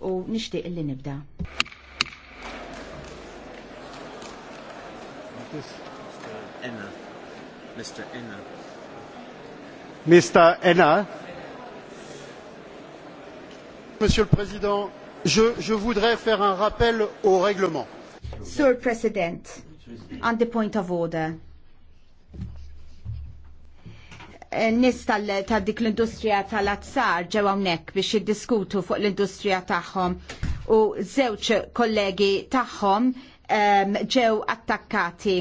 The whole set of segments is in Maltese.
u nixtieq li nibda. Mr. Enna. Mr. Enna. Monsieur le Président, je, je voudrais faire un rappel au règlement. Sir President, on the point of order nis ta' dik l-industrija tal-azzar ġew hawnhekk biex jiddiskutu fuq l-industrija tagħhom u żewġ kollegi tagħhom ehm, ġew attakkati.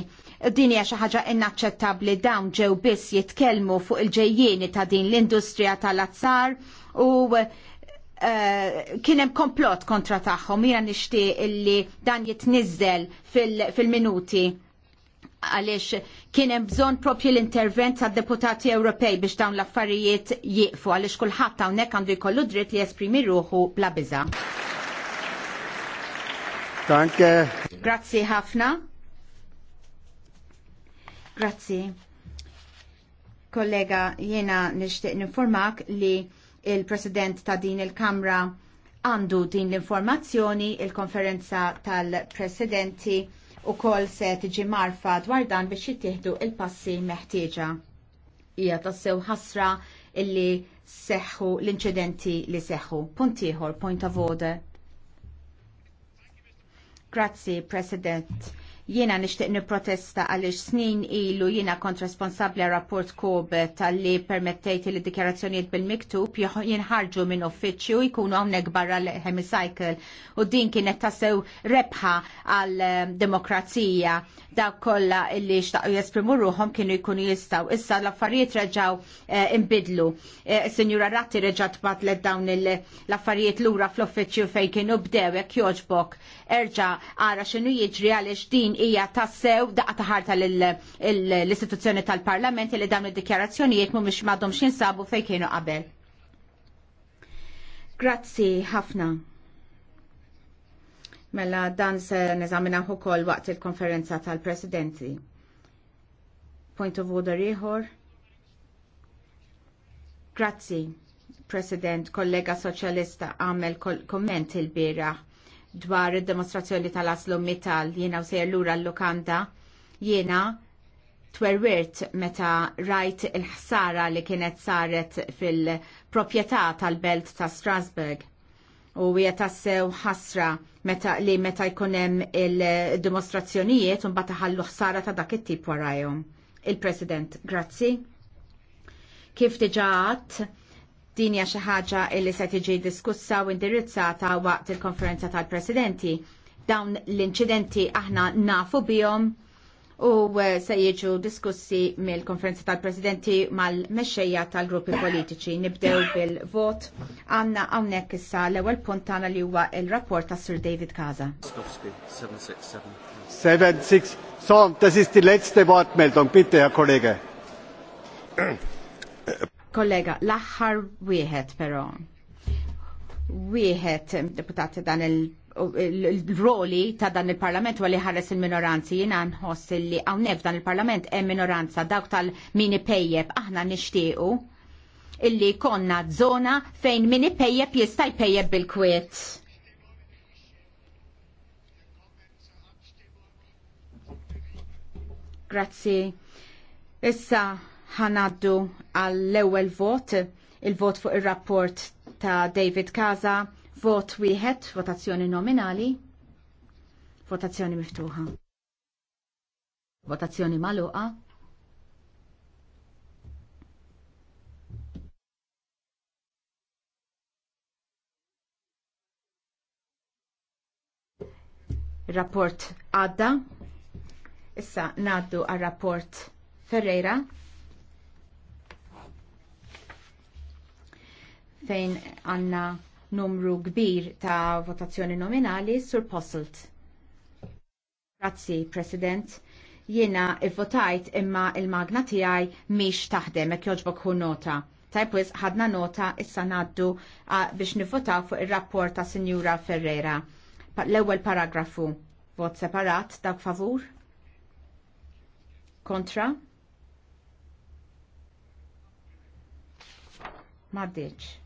Din hija xi ħaġa inaċċettabbli dawn ġew biss jitkellmu fuq il-ġejjieni ta' din l-industrija tal-azzar u eh, kien hemm komplott kontra tagħhom jiena nixtieq illi dan jitniżel fil-minuti. fil minuti għaliex kien hemm bżonn propju l-intervent tad deputati Ewropej biex dawn l-affarijiet jieqfu għaliex kulħadd hawnhekk għandu jkollu dritt li jesprimi ruħu bla biża. Danke. Grazzi ħafna. Grazzi. Kollega, jiena nixtieq ninformak li il-President ta' din il-Kamra għandu din l-informazzjoni, il-konferenza tal-Presidenti u kol se tiġi marfa dwar dan biex jittieħdu il-passi meħtieġa. Hija tassew ħasra illi seħħu l-inċidenti li seħħu. Punt ieħor, point of order. Grazzi, President Jiena nixtieq nipprotesta għaliex snin ilu jiena kont responsabli rapport Kobe tal-li permettejt li dikjarazzjonijiet bil-miktub jinħarġu minn uffiċċju jkunu hawnhekk barra l-hemicycle u din kienet tasew rebħa għal ehm, demokrazija dawk kollha illi xtaqgħu jesprimu ruhom kienu jkunu jistgħu. Issa l-affarijiet reġgħu eh, inbidlu. Eh, Sinjura Ratti reġgħat batlet dawn l-affarijiet lura fl-uffiċċju fejn kienu bdew jekk joġbok erġa' ara x'inhu jiġri għaliex din hija tassew daqqa taħarta l-istituzzjoni tal-Parlament li dawn id-dikjarazzjonijiet mhumiex xi jinsabu fejn kienu qabel. Grazzi ħafna. Mela dan se neżaminaw ukoll waqt il-konferenza tal-Presidenti. Point of order ieħor. Grazzi, President, kollega soċjalista għamel komment il-biraħ dwar id-demonstrazzjoni tal-aslu mital jiena u sejr lura l-lokanda jiena twerwirt meta rajt il-ħsara li kienet saret fil propieta tal-belt ta' Strasbourg u hija tassew ħasra meta li meta jkun hemm il-dimostrazzjonijiet un bataħallu ħsara ta' dak it-tip warajom. Il-President, grazzi. Kif tiġaħat? Din hija xi ħaġa li se tiġi diskussa u indirizzata waqt il-konferenza tal-Presidenti. Dawn l-inċidenti aħna nafu bihom u eh, se jiġu diskussi mill-konferenza tal-Presidenti mal-mexxejja tal-gruppi politiċi. Nibdew bil-vot. Għanna hawnhekk issa l-ewwel punt tagħna li huwa il-rapport ta' Sir David Kaza. 7-6. So, das ist die letzte Wortmeldung. Bitte, Herr Kollege. kollega, l-aħħar wieħed però. Wieħed eh, deputati dan il- il-roli ta' dan il-parlament għalli ħares il-minoranzi jina nħoss li għawnef dan il-parlament e minoranza dawk tal-mini pejjeb aħna nishtiqu illi konna zona fejn mini pejjeb jistaj pejjeb bil-kwiet. Grazzi. Issa, ħanaddu għall-ewwel vot, il-vot fuq ir-rapport ta' David Kaza, vot wieħed, votazzjoni nominali, votazzjoni miftuħa. Votazzjoni maluqa. Rapport għadda. Issa naddu għal rapport Ferreira. fejn għanna numru kbir ta' votazzjoni nominali sur Posselt. Grazzi, President. Jiena votajt imma il-magna tiegħi miex taħdem hekk jogħġbok hu nota. Tajpwis ħadna nota issa naddu biex nivvotaw fuq ir-rapport ta' Sinjura Ferrera. L-ewwel paragrafu. Vot separat dak favur? Kontra? Maddiċ.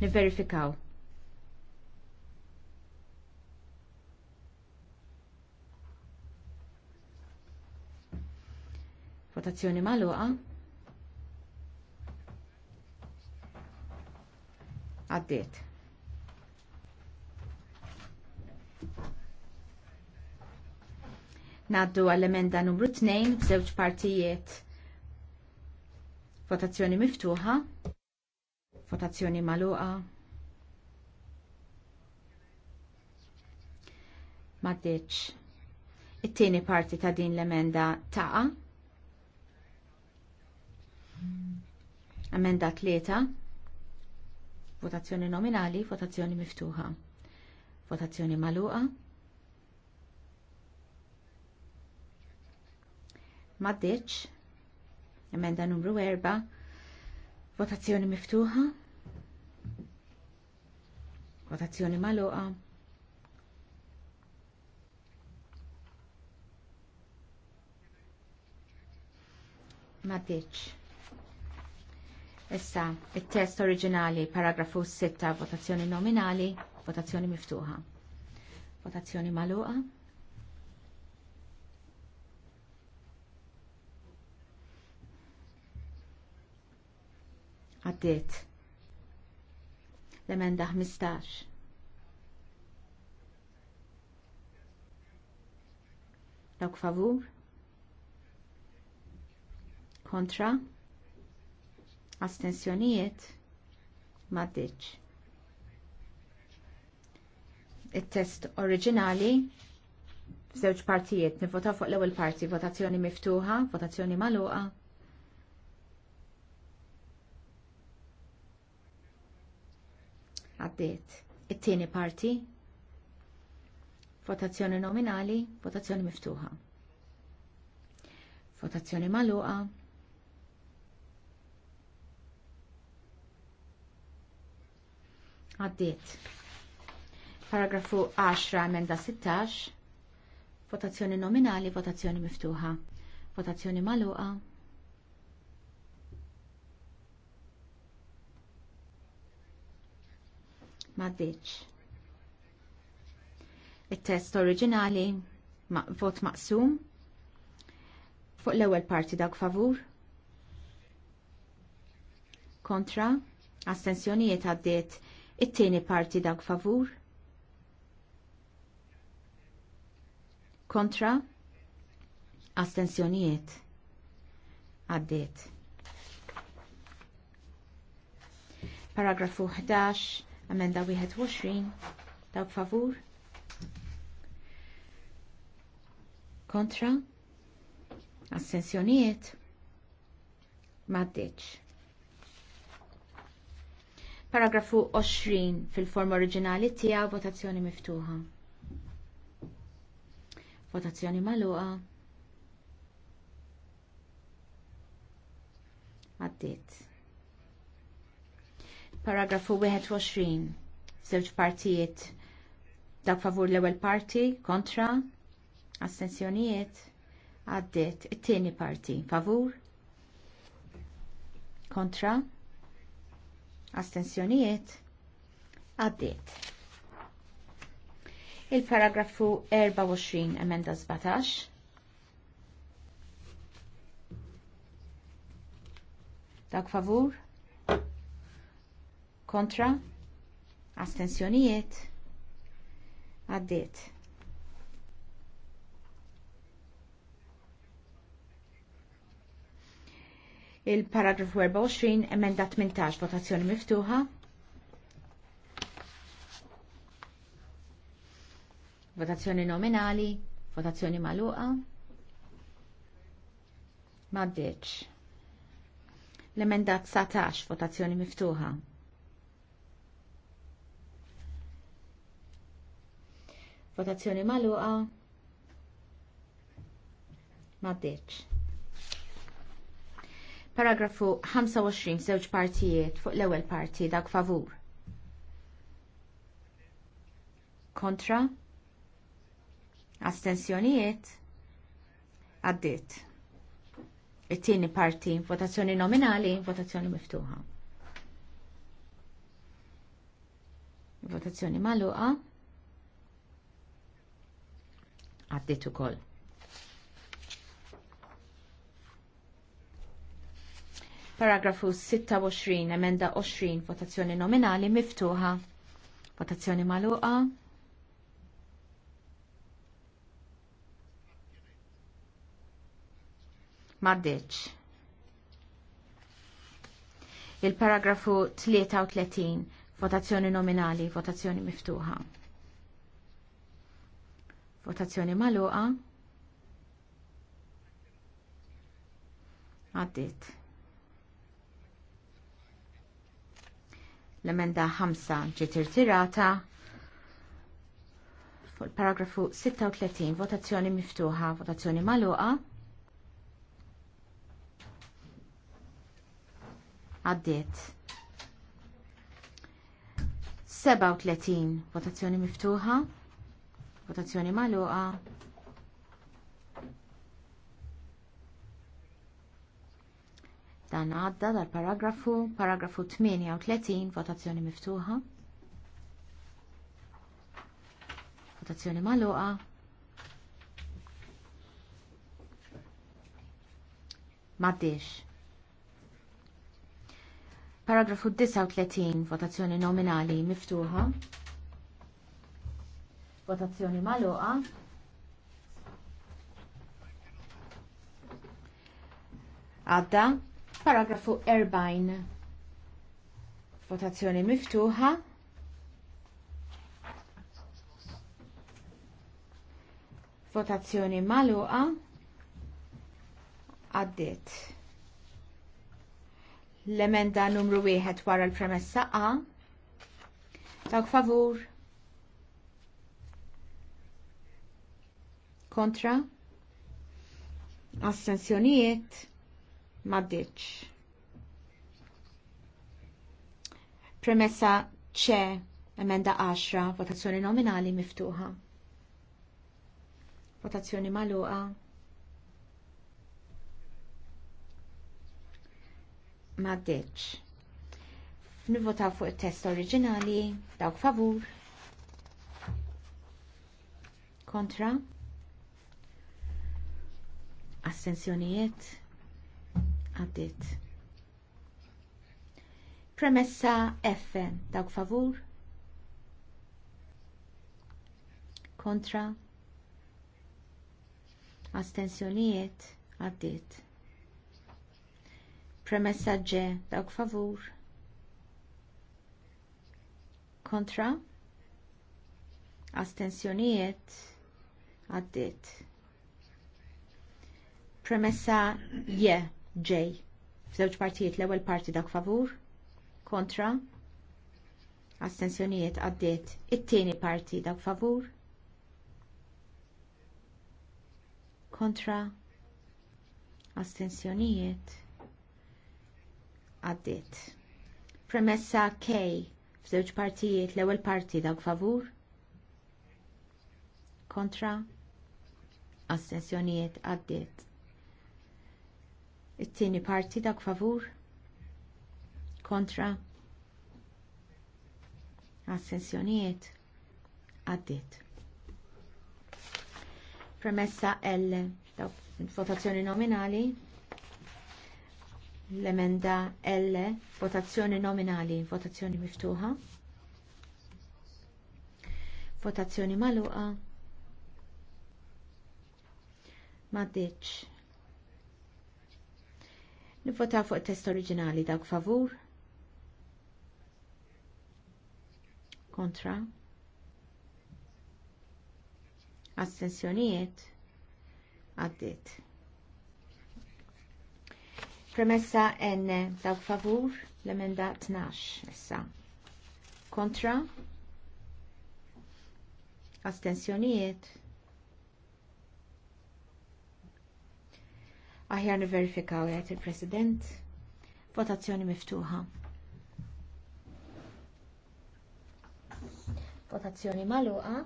Niverifikaw. Votazzjoni maluqa. Għaddiet. Naddu għall-emenda numru 2 b'żewġ partijiet. Votazzjoni miftuħa. Votazzjoni maluqa. Maddiċ. It-tieni parti ta' din l-emenda taqa. Emenda tlieta. Votazzjoni nominali, votazzjoni miftuħa. Votazzjoni maluqa. Maddiċ. Emenda numru 4 Votazzjoni miftuħa. Votazzjoni maluqa. Maddiċ. Issa, il-test oriġinali, paragrafu 6, votazzjoni nominali, votazzjoni miftuħa. Votazzjoni maluqa. Għaddiet. L-emenda 15. Dawk favur? Kontra? Astensjonijiet? Maddiċ. Il-test oriġinali f'żewġ partijiet nivvota fuq l-ewwel parti votazzjoni miftuħa, votazzjoni magħluqa. għaddiet. It-tieni parti, votazzjoni nominali, votazzjoni miftuħa. Votazzjoni magħluqa. Għaddiet. Paragrafu 10, emenda 16, votazzjoni nominali, votazzjoni miftuħa. Votazzjoni magħluqa. ma ditx. Il-test oriġinali ma vot maqsum fuq l-ewwel parti dak favur kontra astensjonijiet għaddiet it-tieni parti dak favur kontra astensjonijiet għaddiet. Paragrafu 11 Amenda 21 dawk favur kontra assenzjonijiet Maddeċ. Paragrafu 20 fil-form oriġinali tiegħu votazzjoni miftuħa. Votazzjoni magħluqa. Maddeċ. Paragrafu 21. Żewġ partijiet. Dak favur l-ewwel parti, kontra, astensjonijiet, għaddiet. It-tieni parti, favur, kontra, astensjonijiet, għaddiet. Il-paragrafu 24, emenda 17. Dak favur? kontra, astensjonijiet, għaddiet. il paragraf 24, emenda 18, votazzjoni miftuħa. Votazzjoni nominali, votazzjoni maluqa. Maddeċ. L-emenda 19, votazzjoni miftuħa. Votazzjoni maluqa. Maddeċ. Paragrafu 25 żewġ partijiet fuq l-ewwel parti dak favur. Kontra? Astensjonijiet? Għaddiet. It-tieni parti votazzjoni nominali, votazzjoni miftuħa. Votazzjoni maluqa għaddit ukoll. Paragrafu 26, emenda 20, votazzjoni nominali miftuħa. Votazzjoni maluqa. Maddeċ. Il-paragrafu 33, votazzjoni nominali, votazzjoni miftuħa. Votazzjoni maluqa. Għaddit. L-emenda 5 ġiet irtirata fuq il-paragrafu 36, votazzjoni miftuħa, votazzjoni maluqa. Għaddit. 37, votazzjoni miftuħa. Votazzjoni magħluqa. Dan għadda dal-paragrafu, paragrafu 38, votazzjoni miftuħa. Votazzjoni magħluqa. Maddiex. Paragrafu 39, votazzjoni nominali miftuħa. Votazzjoni maloqa. Għadda, paragrafu 40. Votazzjoni miftuħa. Votazzjoni maluqa. Għaddit. L-emenda numru 1 wara l-premessa A. Dawk favur kontra assenzjonijiet maddiċ. Premessa ċe emenda 10, votazzjoni nominali miftuħa. Votazzjoni maluqa. Maddiċ. Nivvotaw fuq il-test oriġinali, dawk favur. Kontra assenzjonijiet Għaddit. Premessa F. Dawk favur? Kontra? Astensjonijiet Għaddit. Premessa G. Dawk favur? Kontra? Astensjonijiet? Għaddit Premessa je, ġej. F'żewġ partijiet l-ewwel parti dak favur, kontra, astensjonijiet għaddiet. It-tieni parti dak favur, kontra, astensjonijiet għaddiet. Premessa K f'żewġ partijiet l-ewwel parti dak favur, kontra, astensjonijiet għaddiet it-tieni parti dak favur kontra assenzjonijiet għaddit. Premessa L votazzjoni nominali l-emenda L votazzjoni nominali votazzjoni miftuħa votazzjoni maluqa ma ditx Nivvotaw fuq test oriġinali dawk favur. Kontra. Astensjonijiet. Għaddit. Premessa N dawk favur l-emenda 12 issa. Kontra. Astensjonijiet. Aħjar niverifikaw jgħid il-President. Votazzjoni miftuħa. Votazzjoni maluqa.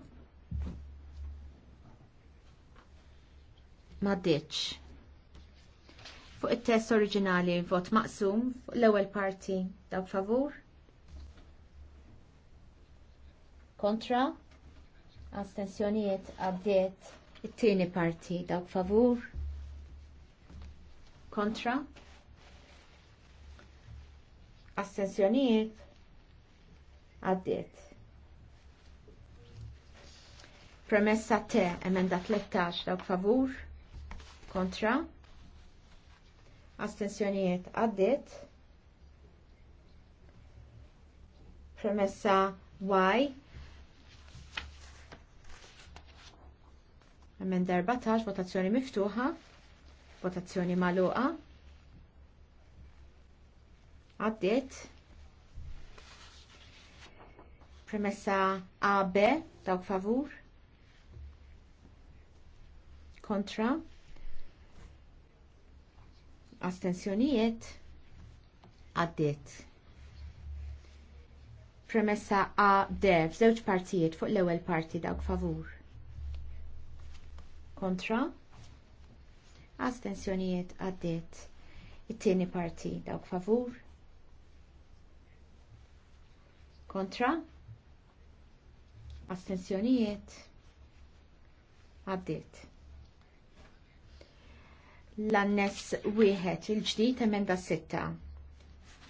Ma Fuq it-test oriġinali vot maqsum fuq l-ewwel parti dawk favur. Kontra. Astensjonijiet għaddiet it-tieni parti dawk favur kontra assenzjonijiet għaddiet premessa te emenda 13 dawk favur kontra astensjonijiet għaddiet premessa Y emenda 14 votazzjoni miftuħa Votazzjoni maluqa. Għaddit. Premessa a B, dawk favur. Kontra. Astensjonijiet. Għaddit. premessa A D, F'żewġ partijiet fuq l-ewwel parti dawk favur. Kontra? astensjonijiet għaddiet. It-tieni parti dawk favur kontra astensjonijiet għaddiet. L-annes wieħed il-ġdid emenda sitta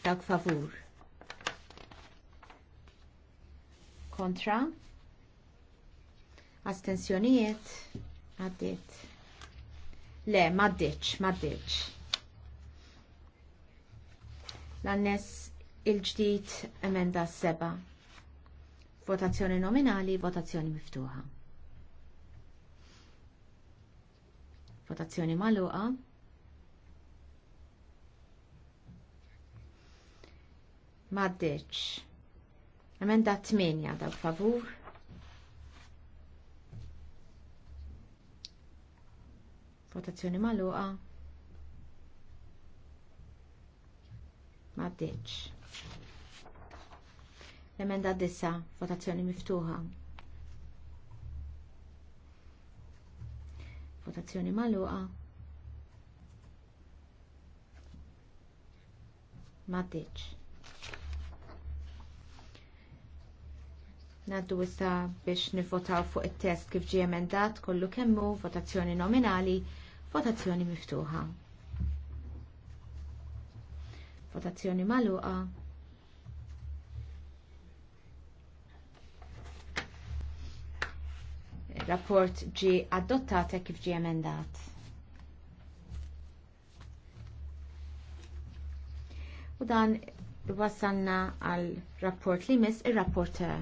dawk favur. Kontra astensjonijiet għaddiet. Le, maddiċ, maddiċ. L-annes il-ġdid emenda seba. Votazzjoni nominali, votazzjoni miftuħa. Votazzjoni maluqa. Maddiċ. Emenda 8 dawk favur Votazzjoni maluqa. Ma L-emenda dissa, votazzjoni miftuħa. Votazzjoni maluqa. Ma Naddu issa biex nivvotaw fuq it-test kif ġie emendat kollu kemmu votazzjoni nominali, votazzjoni miftuħa. Votazzjoni maluqa. Rapport ġi adottata kif ġie emendat. U dan wasanna għal rapport li mis ir-rapporter.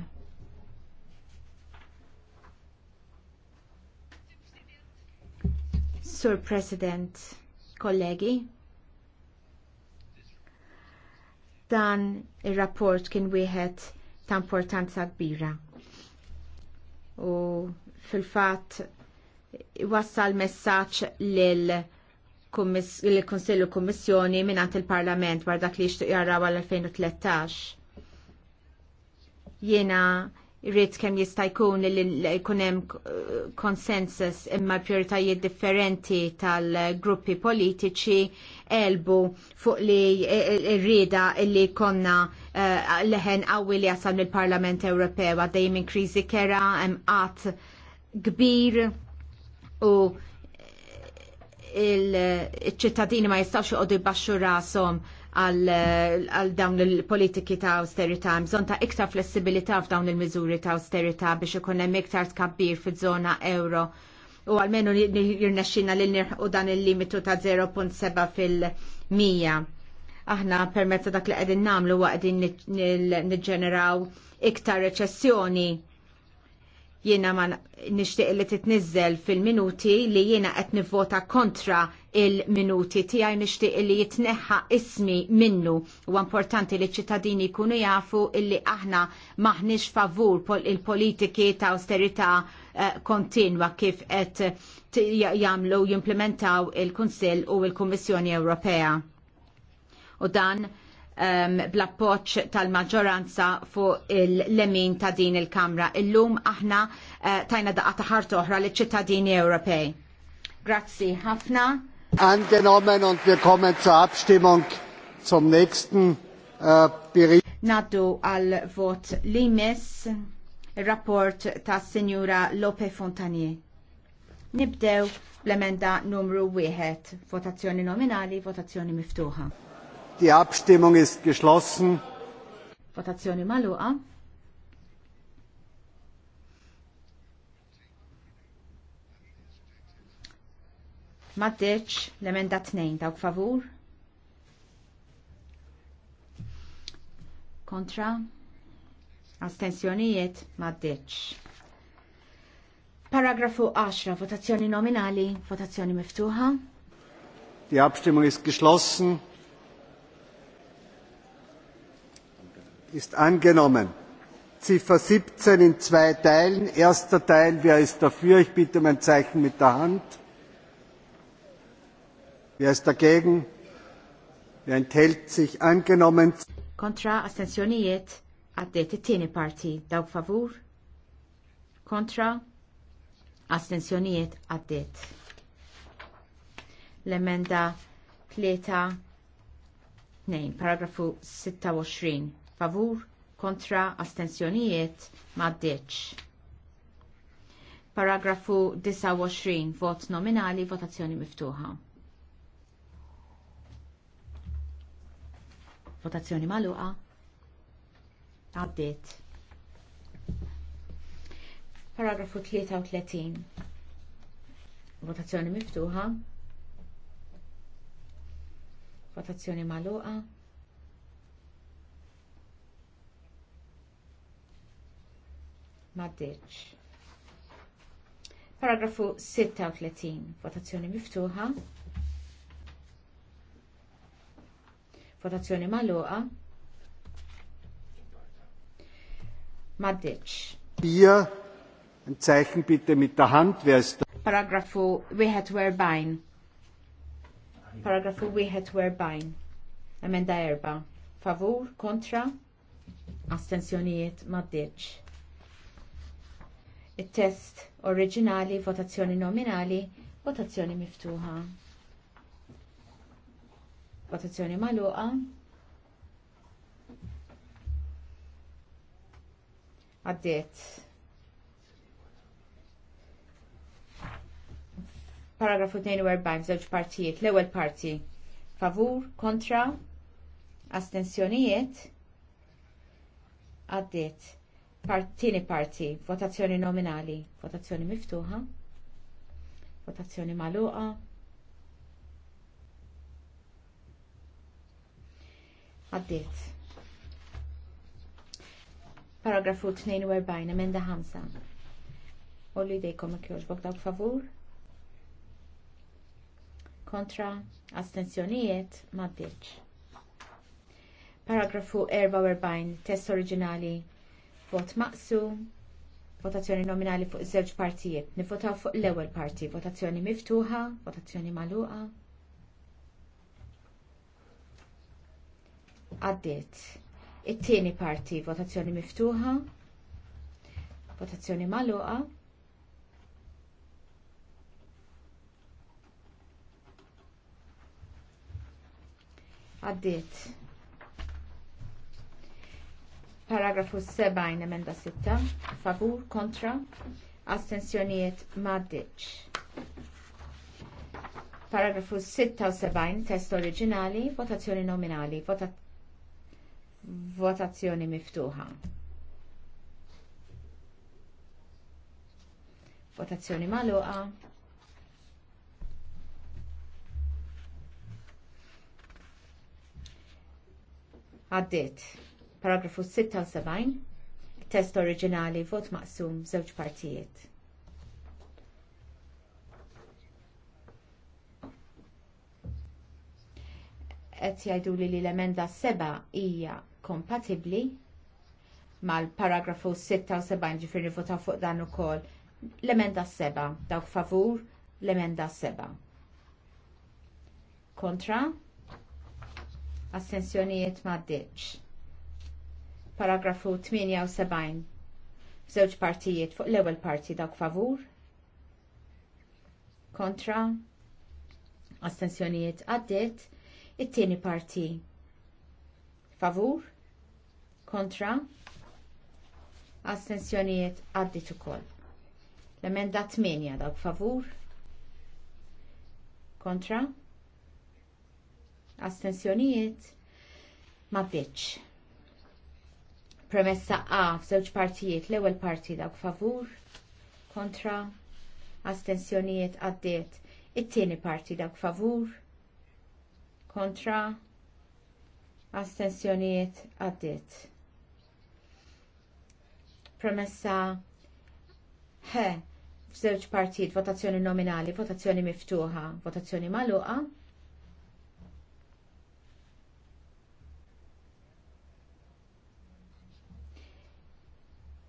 Sur President, kollegi, dan il-rapport kien wieħed ta' importanza kbira. U fil-fat wassal messaċ lil il-Konsillu Kummissjoni minnant il-Parlament war dak li jixtuq jarraw għal 2013. Jena irrid kemm jista' jkun li jkun hemm konsensus imma prioritajiet differenti tal-gruppi politiċi elbu fuq li e, e, rrida li konna e, leħen qawwi li jasal mill-Parlament Ewropew għaddej minn krizi kera hemm qatt kbir u il-ċittadini ma jistawx joqogħdu jbaxxu rashom għal dawn il-politiki ta' austerita, bżon ta' iktar flessibilità f'dawn il-miżuri ta' austerita biex ikun hemm iktar tkabbir fiż-żona euro u għalmenu jirnexxina li nirħu dan il-limitu ta' 0.7 fil-100. Aħna permezz dak li qegħdin nagħmlu waqdin niġġeneraw iktar reċessjoni jiena ma nixtieq li titniżel fil-minuti li jiena qed nivvota kontra il-minuti tiegħi nixtieq li jitneħħa ismi minnu u importanti li ċittadini jkunu jafu illi aħna maħniex favur il-politiki ta' austerità eh, kontinwa kif qed jagħmlu jimplementaw il-Kunsill u l-Kummissjoni Ewropea. U dan um, bl-appoċ tal-maġġoranza fuq il-lemin ta' din il-Kamra. Illum aħna uh, tajna daqqa ta' ħart oħra li ċittadini Ewropej. Grazzi ħafna. Angenommen und wir kommen zur Abstimmung zum nächsten uh, Bericht. Naddu għal vot li miss il-rapport ta' Signora Lope Fontanier. Nibdew l-emenda numru 1, votazzjoni nominali, votazzjoni miftuħa. Die Abstimmung ist geschlossen. Votazzjoni maluqa. Maddeċ l-emenda 2 dawk favur. Kontra. Astensjonijiet maddeċ. Paragrafu 10, votazzjoni nominali, votazzjoni miftuħa. Die Abstimmung ist geschlossen. ist angenommen. Ziffer 17 in zwei Teilen. Erster Teil, wer ist dafür? Ich bitte um ein Zeichen mit der Hand. Wer ist dagegen? Wer enthält sich? Angenommen. Contra Astensioniet Adete Tene Party, Dau dawk favur. Kontra astensjonijiet għaddiet. L-emenda paragrafu 26 favur kontra astensjonijiet maddeċ. Paragrafu 29 vot nominali votazzjoni miftuħa. Votazzjoni maluqa Għaddit. Paragrafu 33. Votazzjoni miftuħa. Votazzjoni maluqa. maddiċ. Paragrafu 36, votazzjoni miftuħa. Votazzjoni maluqa. Maddiċ. Bija, Zeichen bitte mit ta' Hand, wer ist Paragrafu 41. Paragrafu 41. Emenda erba'. Favur, kontra, astensjonijiet maddeċ. Il-test oriġinali, votazzjoni nominali, votazzjoni miftuħa. Votazzjoni maluqa. Għaddiet. Paragrafu 42 f'żewġ partijiet. L-ewwel parti favur, kontra, astensjonijiet, għaddiet Partini parti, votazzjoni nominali, votazzjoni miftuħa, votazzjoni maluqa. Għaddit. Paragrafu 42, emenda 5. Ollu dejkom ikjoġbok bogdaw favur. Kontra, astenzjonijiet, maddiċ. Paragrafu 44, test oriġinali, Vot maqsum. Votazzjoni nominali fuq żewġ partijiet. Nifvotaw fuq l-ewwel parti. Votazzjoni miftuħa, votazzjoni magħluqa. Għaddiet. It-tieni parti, votazzjoni miftuħa, votazzjoni magħluqa. Għaddiet. Paragrafu 7 emenda 6 favur kontra astensjonijiet maddiċ. Paragrafu 76 test oriġinali votazzjoni nominali vota votazzjoni miftuħa. Votazzjoni maluqa. Għaddit. Paragrafu 76, test oriġinali, vot maqsum, żewġ partijiet. Qed jajdu li l-emenda seba' hija kompatibbli mal-paragrafu 76 ġifiri vota fuq dan ukoll l-emenda seba' dawk favur l-emenda seba'. Kontra? Assenzjonijiet ma' ditx. Paragrafu 78. Żewġ partijiet fuq l-ewwel parti dawk favur. Kontra. Astensjonijiet għaddiet. It-tieni parti favur. Kontra. Astensjonijiet għaddiet ukoll. L-emenda 8 dawk favur. Kontra. Astensjonijiet ma bitch. Premessa A f'żewġ partijiet l-ewwel parti dawk favur kontra astensjonijiet għaddiet. It-tieni parti dawk favur kontra astensjonijiet għaddiet. Premessa H f'żewġ partijiet votazzjoni nominali, votazzjoni miftuħa, votazzjoni magħluqa.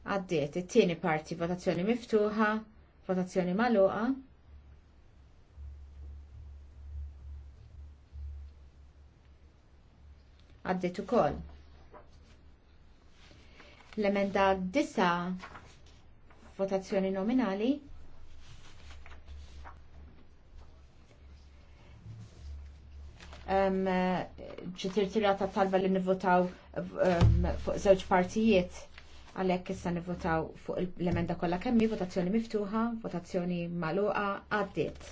Għaddiet, it-tieni parti votazzjoni miftuħa, votazzjoni magħluqa. Għaddiet ukoll. L-emenda disa votazzjoni nominali. ċitir tirata talba li nivvotaw fuq żewġ partijiet għalhekk issa nivvotaw fuq l-emenda kollha kemmi, votazzjoni miftuħa, votazzjoni magħluqa għaddit.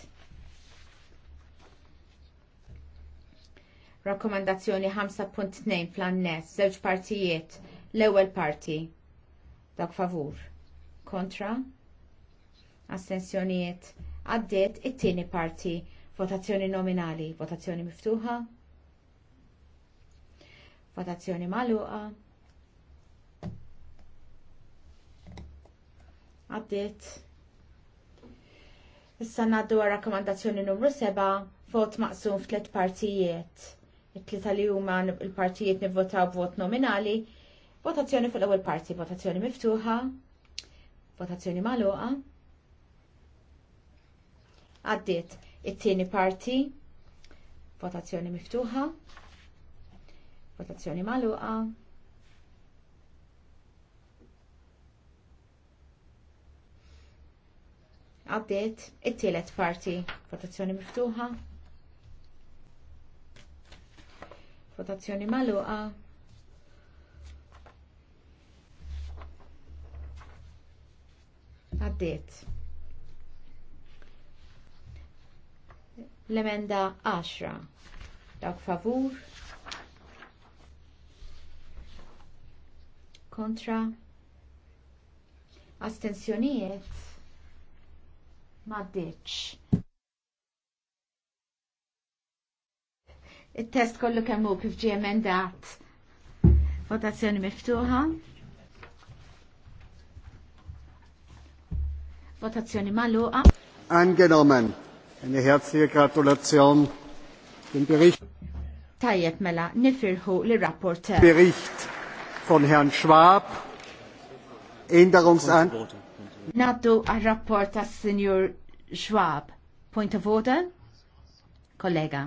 Rakkomandazzjoni 5.2 fl-annes, żewġ partijiet, l-ewwel parti. Dak favur. Kontra. Astensjonijiet għaddit, it-tieni parti, votazzjoni nominali, votazzjoni miftuħa, votazzjoni magħluqa għaddit. Issa naddu rakkomandazzjoni numru 7, vot maqsum f'tlet partijiet. It-tlieta li huma l-partijiet nivvotaw b'vot nominali, votazzjoni fil-ewwel parti, votazzjoni miftuħa, votazzjoni magħluqa. Għaddiet it-tieni parti, votazzjoni miftuħa, votazzjoni magħluqa. għaddiet it-tielet parti votazzjoni miftuħa votazzjoni magħluqa. għaddiet l-emenda 10 dawk favur kontra astensjonijiet Maddiċ. Il-test kollu kemmu kif ġie emendat. Votazzjoni miftuħa. Votazzjoni maluqa. Angenommen. Eine herzliche Gratulation dem Bericht. Tajjeb mela, nifirħu li rapporter. Bericht von Herrn Schwab. Änderungsantrag. Naddu għal-rapport ta' Senjur Schwab. Point of order? Kollega.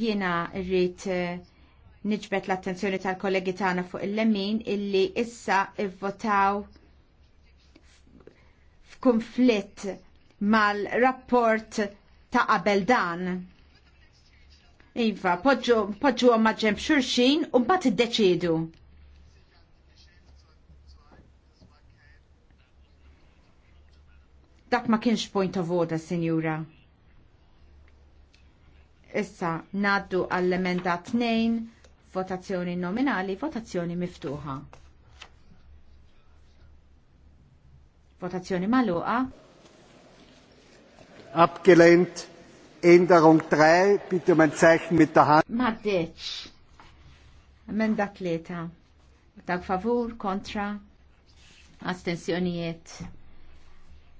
Jiena rrit eh, niġbet l-attenzjoni tal-kollegi tagħna fuq il-lemin illi issa ivvotaw f'kunflitt mal-rapport ta' qabel dan. Iva, poġġu għom ġemp xurxin u mbagħad iddeċiedu. Dak ma kienx point of order, Sinjura. Issa naddu għall-emenda 2, votazzjoni nominali, votazzjoni miftuħa. Votazzjoni maluqa. Abgelehnt. Änderung 3, bitte um ein Zeichen mit der Hand. Maddeċ. Emenda 3. Dak favur, kontra, astensjonijiet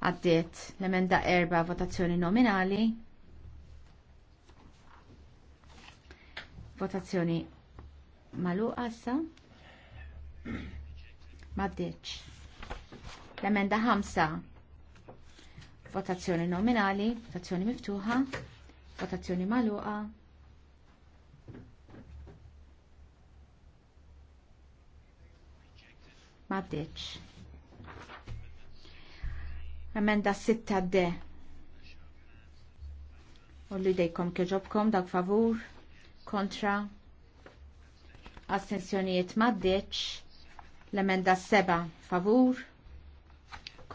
Għaddiet l-emenda erba votazzjoni nominali. Votazzjoni malu għassa, Maddiċ. L-emenda ħamsa. Votazzjoni nominali, votazzjoni miftuħa, votazzjoni maluqa. Maddiċ Emenda 6D. U li dejkom keġobkom dak favur kontra astensjonijiet maddeċ l-emenda 7 favur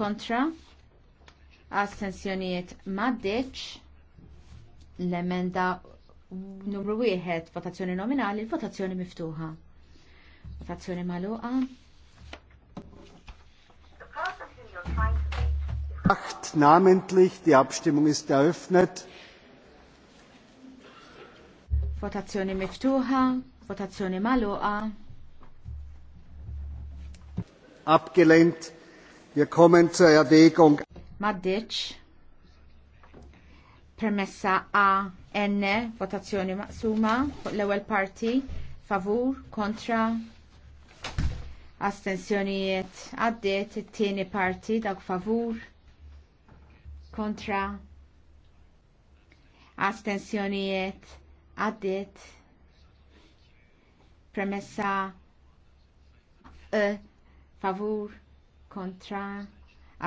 kontra astensjonijiet maddeċ l-emenda numru 1 votazzjoni nominali, votazzjoni miftuħa. Votazzjoni maluqa. Acht namentlich, die Abstimmung ist eröffnet. Votazione miftuha, votazione maluqa. Abgelehnt. Wir kommen zur Erwägung. Madic. Permessa A, N, Votazione maqsuma, l-ewel parti, favur, kontra, astensjonijiet, għaddiet, it-tieni parti, dak favur, kontra astensjonijiet għaddit premessa e favur kontra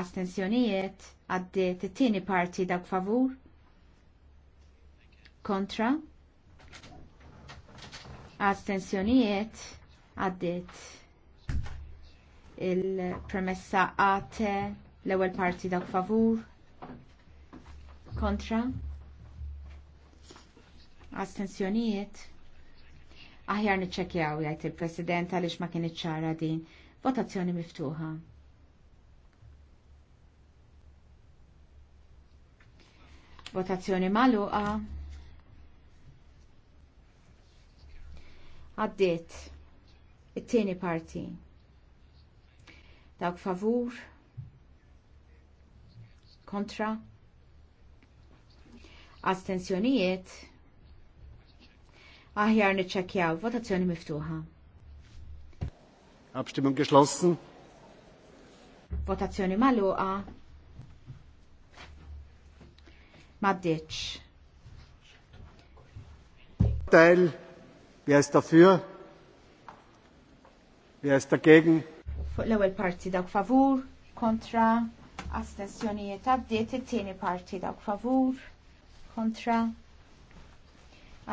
astensjonijiet għaddit it-tieni parti dak favur kontra astensjonijiet għaddit il-premessa għate l-ewwel parti dak favur kontra Astenzjonijiet? aħjar niċċekjaw jgħid il-President għaliex ma kien iċċara din votazzjoni miftuħa. Votazzjoni maluqa. Għaddiet it-tieni parti. Dawk favur kontra astensjonijiet aħjar niċċekkjaw votazzjoni miftuħa. Abstimmung geschlossen. Votazzjoni maluqa. Maddiċ. Teil, wer ist dafür? Wer ist dagegen? Fuq l-ewwel parti dawk favur, kontra, astensjonijiet għaddiet, it-tieni parti dawk favur, kontra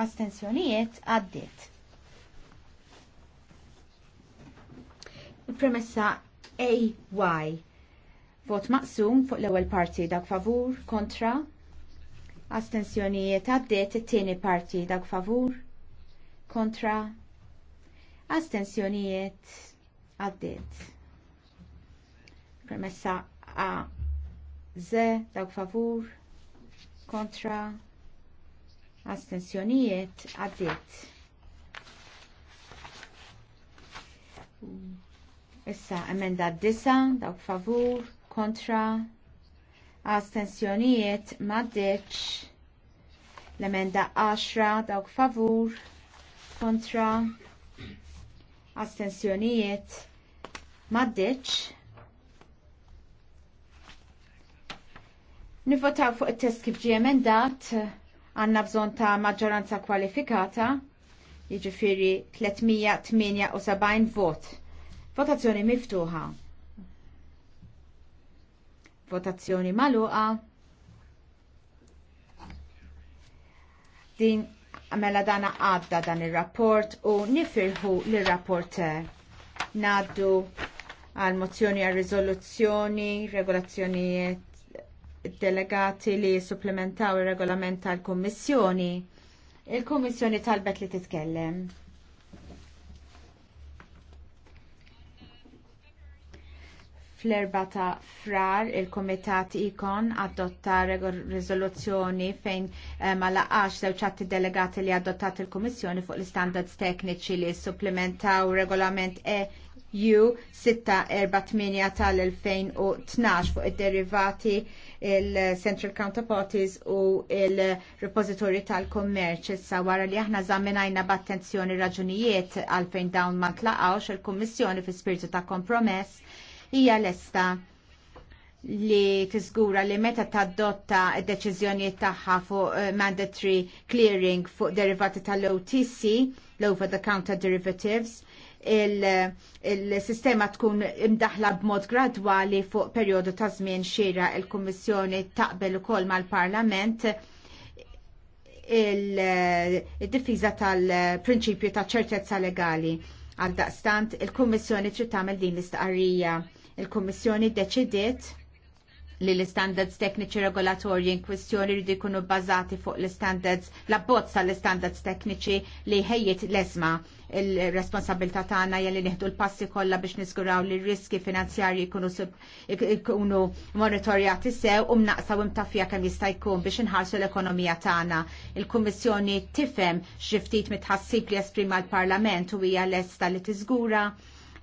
astensjonijiet għaddit. Il-premessa AY vot maqsum fuq l-ewwel parti dak favur kontra astensjonijiet għaddit it-tieni parti dak favur kontra astensjonijiet għaddit. Premessa A Z dak favur kontra astensjonijiet għaddit. Issa emenda d-disa, dawk favur, kontra, astensjonijiet maddeċ, l-emenda 10, dawk favur, kontra, astensjonijiet maddeċ, Nivvotaw fuq it-test kif ġie emendat għandna bżonn ta' maġġoranza kwalifikata, jiġifieri 378 vot. Votazzjoni miftuħa. Votazzjoni magħluqa. Din għamela dana għadda dan ir-rapport u nifirħu l-rapporter. Naddu għal mozzjoni għal riżoluzzjoni, regolazzjonijiet delegati li supplementaw il-regolament tal-Kommissjoni. Il-Kommissjoni talbet li titkellem. fl erba ta' frar il-Komitat Ikon adotta riżoluzzjoni fejn eh, ma laqax żewġ atti delegati li adottat il-Kummissjoni fuq l-istandards tekniċi li supplementaw regolament EU 648 tal-2012 fuq id-derivati il-Central Counterparties u il-Repository tal-Kommerċ. Issa wara li aħna zamminajna b'attenzjoni raġunijiet għalfejn dawn ma tlaqawx il-Kummissjoni fi spiritu ta' kompromess hija lesta li tiżgura li meta tadotta d-deċiżjonijiet tagħha fuq eh, mandatory clearing fuq derivati tal-OTC, l-over the counter derivatives, il-sistema il tkun imdaħla b'mod gradwali fuq perjodu ta' żmien xira il-Kummissjoni taqbel ukoll mal-Parlament il-difiża tal-prinċipju ta' ċertezza legali. Għal daqstant, il-Kummissjoni trid tagħmel din l-istqarrija. Il-Kummissjoni deċidiet li l-standards tekniċi regolatorji in kwestjoni rridu jkunu bbażati fuq l-standards, la bozza l-standards tekniċi li ħejjit l-esma il-responsabilità tagħna jalli nieħdu l-passi kollha biex niżguraw li r-riski finanzjarji jkunu jkunu monitorjati sew u mnaqsaw imtaffija kemm jista' jkun biex inħarsu l-ekonomija tagħna. Il-Kummissjoni tifhem xi ftit mitħassib li esprima l-Parlament u hija lesta li tiżgura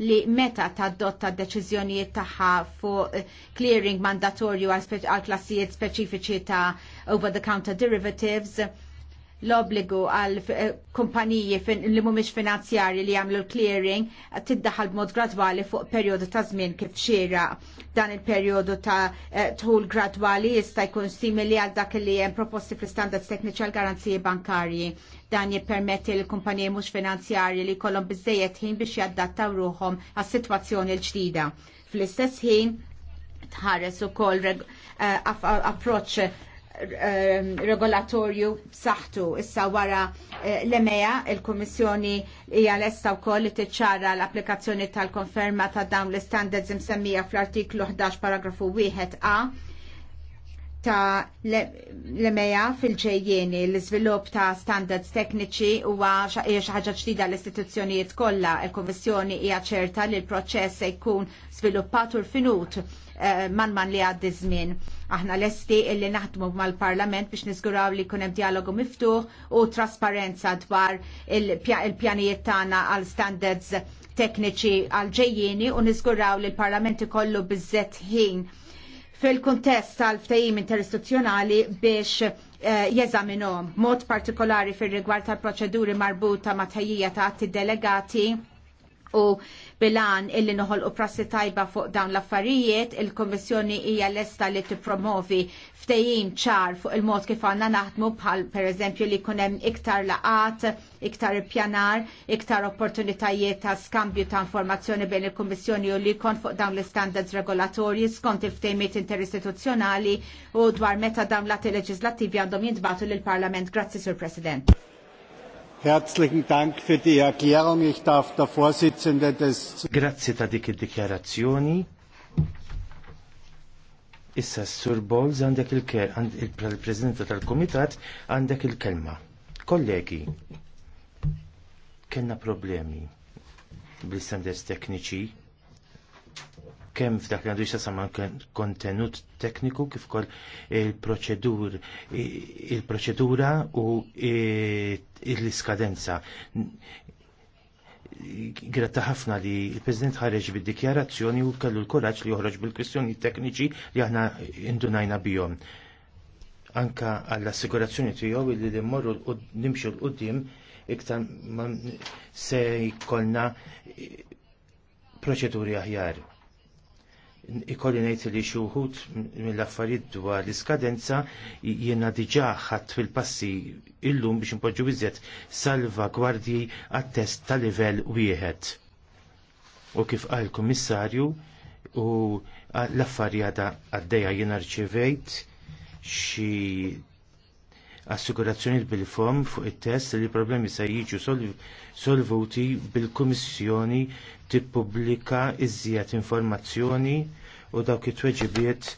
li meta tadotta deċiżjonijiet tagħha fuq clearing mandatorju għal klassijiet speċifiċi ta' over the counter derivatives l-obbligu għal eh, kumpaniji li mhumiex finanzjarji li jagħmlu l-clearing tiddaħal b'mod gradwali fuq perjodu ta' żmien kif xira dan il-perjodu ta' eh, tħul gradwali jista' jkun simili għal dak li hemm proposti fl-standards tekniċi għal garanziji bankarji. Dan jippermetti l kumpaniji mhux finanzjari li jkollhom biżejjed ħin biex jaddattaw ruhom għas-sitwazzjoni l-ġdida. Fl-istess ħin tħares ukoll eh, approċċ Eh, regolatorju b'saħħtu issa wara eh, l-EMEA, il-Kummissjoni hija lesta wkoll li tiċċara l-applikazzjoni tal-konferma ta' dawn l-standards imsemmija fl-artiklu 11 paragrafu 1 A ta' l-EMEA fil-ġejjeni, l-izvilup ta' standards tekniċi u ħaġa ġdida l-istituzzjonijiet kollha. Il-Kommissjoni hija ċerta li l-proċess se jkun sviluppat u rfinut eh, man man li għaddi żmien. Aħna lesti illi naħdmu mal-Parlament biex niżguraw li jkun hemm dialogu miftuħ u trasparenza dwar il-pjanijiet tagħna għal standards tekniċi għal ġejjeni u niżguraw li l-Parlament ikollu biżżet ħin fil-kontest tal-ftajim interistuzzjonali biex eh, jeżaminom mod partikolari fil-rigward tal-proċeduri marbuta ma' tajjija ta' atti delegati u bilan illi noħol u prassi tajba fuq dawn l-affarijiet, il-Kommissjoni hija lesta li tippromovi ftejim ċar fuq il-mod kif għanna naħdmu bħal per eżempju li kunem iktar laqat, iktar pjanar, iktar opportunitajiet ta' skambju ta' informazzjoni bejn il-Kommissjoni u li kon fuq dawn l-standards regolatorji skont il-ftejmiet interistituzzjonali u dwar meta dawn l-atti leġislativi għandhom jintbatu l-Parlament. Grazzi, Sur President. Herzlichen Dank für die Erklärung. Ich darf der Vorsitzende des... Grazie ta' dik il-dikjarazzjoni. Issa Sir Bowles għandek il-Presidenta il tal-Komitat għandek il-kelma. Kollegi, kellna problemi bl-standards tekniċi kemm f'dak li għandu jisasam kontenut tekniku kif ukoll il-proċedur il-proċedura u l-iskadenza. Gratta ħafna li il-President ħareġ bid-dikjarazzjoni u kellu l-kuraġġ li joħroġ bil-kwistjoni tekniċi li aħna indunajna bihom. Anka għall-assigurazzjoni tiegħu li mmorru u nimxu l-qudiem iktar se jkollna proċeduri aħjar ikolli ngħid li xi wħud mill-affarijiet dwar l-iskadenza jiena diġà ħadd fil-passi illum biex impoġġu iżjed salvagwardji għat-test ta' livell wieħed. U kif qal kummissarju u l-affarijada għaddejja jiena rċevejt xi assigurazzjoni bil-fom fuq it-test li problemi se jiġu solvuti bil-Kummissjoni tippubblika iżjed informazzjoni u dawk it-tweġibiet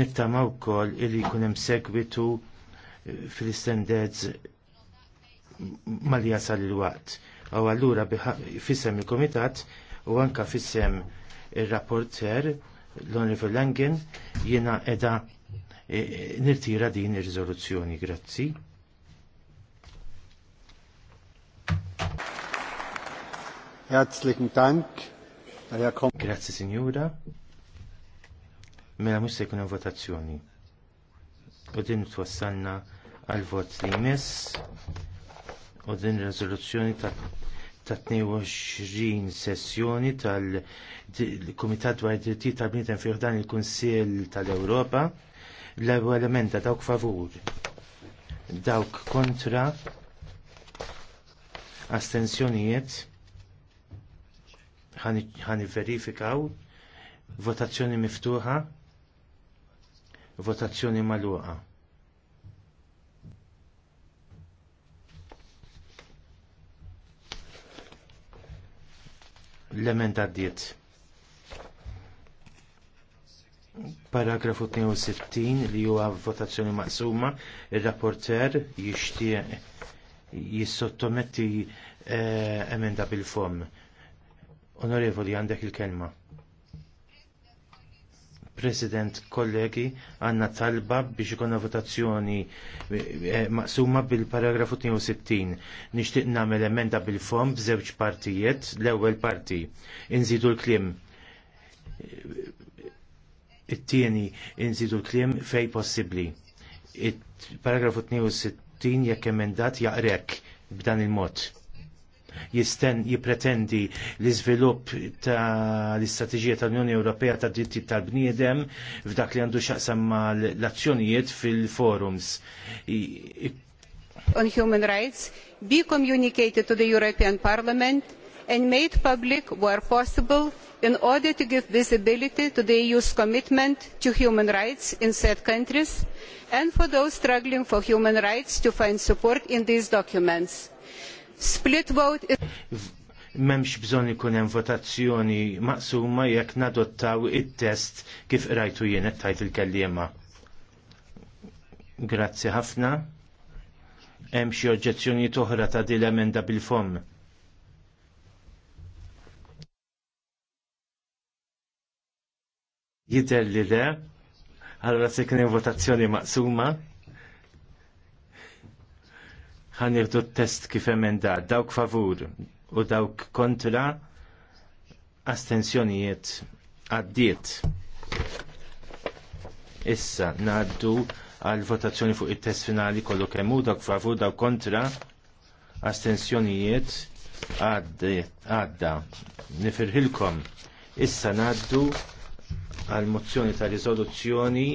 nittama wkoll li jkun hemm segwitu eh, fil-standards mal jasal il-waqt. U allura fissem il-Komitat u anka fissem il-rapporter l-Onrifer Langen jiena edha E, e, nirtira din ir-riżoluzzjoni. Grazzi. Herzlichen Dank. Grazie signora. Mela mhux se jkun votazzjoni. U din twassalna għal vot li jmiss u din riżoluzzjoni ta' ta' 22 sessjoni tal-Kumitat dwar id-drittijiet tal bnidem fih dan il-Kunsill tal-Ewropa l-ewwel emenda dawk favur dawk kontra astensjonijiet ħan verifikaw votazzjoni miftuħa votazzjoni magħluqa. l-emenda d-diet. Paragrafu 62 li huwa votazzjoni maqsuma, ir-rapporter jixtieq jissottometti eh, emenda bil-fom. Onorevoli, għandek il-kelma. President, kollegi, għanna talba biex ikonna votazzjoni eh, maqsuma bil-paragrafu 62. Nixtieq nagħmel emenda bil-fom b'żewġ partijiet, l-ewwel parti. Inżidu l-klim it-tieni inżidu kliem fej possibbli. Paragrafu 62 jekk emendat jaqrek b'dan il-mod. Jisten jipretendi l-iżvilupp ta' l-istrateġija tal-Unjoni Ewropea ta' dritti tal-bniedem f'dak li għandu xaqsam ma' l-azzjonijiet fil-forums. On human rights be communicated to the European Parliament and made public where possible in order to give visibility to the eu's commitment to human rights in said countries and for those struggling for human rights to find support in these documents. Split vote is ikun hemm votazzjoni maqsuma jekk nadottaw it-test kif jien qed tajt il-kelliema. Grazzi ħafna. Hemm xi ta' dil-emenda bil-fom. Jider li le, għallura se kien votazzjoni maqsuma. Ħan t test kif emenda, dawk favur u dawk kontra astensjonijiet għaddiet. Issa naddu għal votazzjoni fuq it-test finali kollu kemmu dawk favur dawk kontra astensjonijiet għadda. Nifirħilkom. Issa naddu għal mozzjoni ta' riżoluzzjoni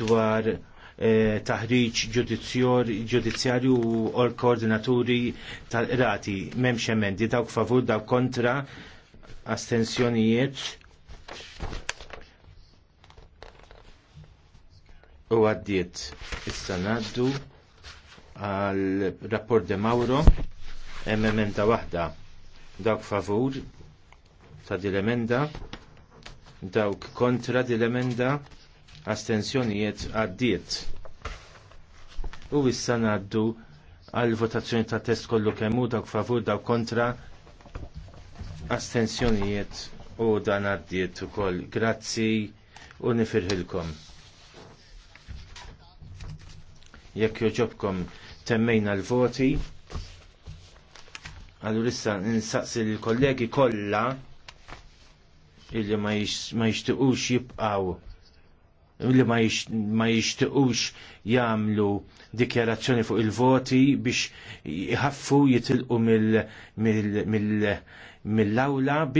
dwar eh, taħriġ ġudizzjarju u or koordinaturi tal-irati memx emendi dawk favur dawk kontra astensjonijiet u għaddiet issa naddu għal rapport de Mauro emmenda waħda dawk favur ta' dil-emenda dawk kontra dil-emenda astensjonijiet għaddiet. U issa ngħaddu għal votazzjoni ta' test kollu kemm hu dawk favur dawk kontra astensjonijiet u dan għaddiet ukoll. Grazzi u nifirħilkom. Jekk joġobkom temmejna l-voti, allura issa nsaqsi l-kollegi kollha illi ma jixtiqux jibqaw illi ma jixtiqux jagħmlu dikjarazzjoni fuq il-voti biex jħaffu jitilqu mill-awla biex